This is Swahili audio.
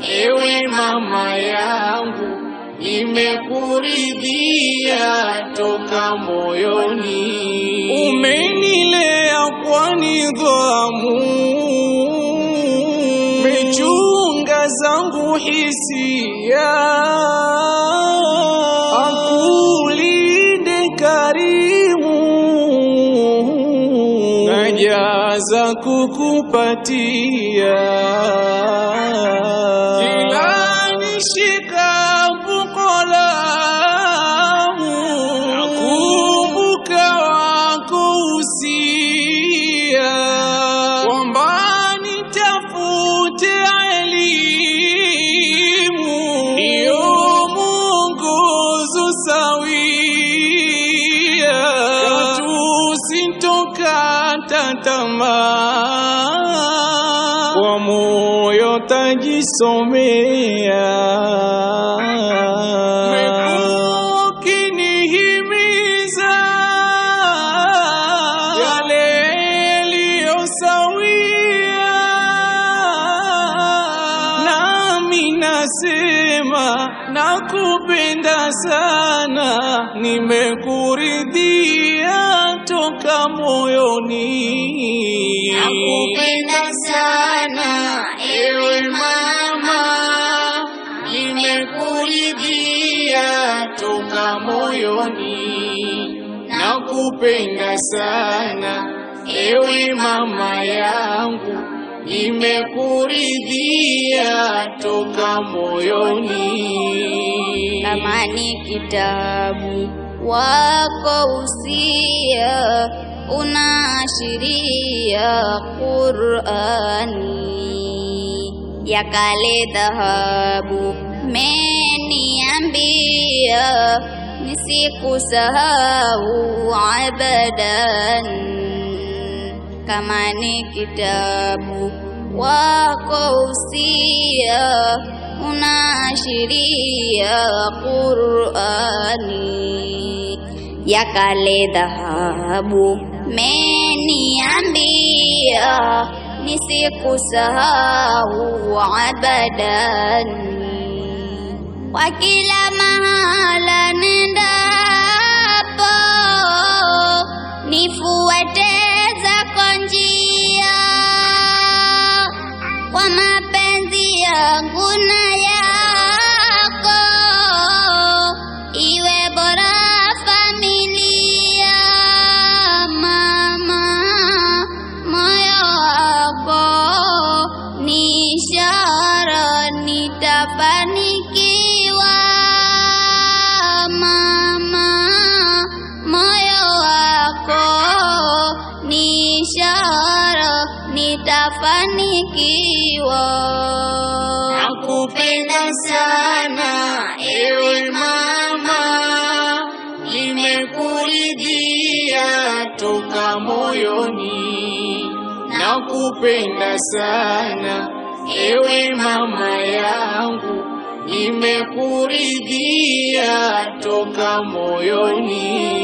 ewe mama yangu, nimekuridhia toka moyoni. Umenilea kwa nidhamu, mechunga zangu hisia za kukupatia kata kwa moyo tajisomea. Mungu yale yaliyosawia, nami nasema nakupenda sana, nimekuridhia toka moyoni. Nakupenda sana ewe mama, nimekuridhia toka moyoni. Nakupenda sana ewe mama yangu, nimekuridhia toka moyoni. Amani kitabu wow. قوسية أناشرية قرآني يا كالي ذهب مني أنبياء نسيق سهاه عبدا كما كتاب وقوسية أناشرية قرآني Ya yakaledahabu meni ambiya nisiku sahu abadan wakila mahalan nenda utafanikiwa. Nakupenda sana ewe mama, nimekuridhia toka moyoni. Nakupenda sana ewe mama yangu, nimekuridhia toka moyoni.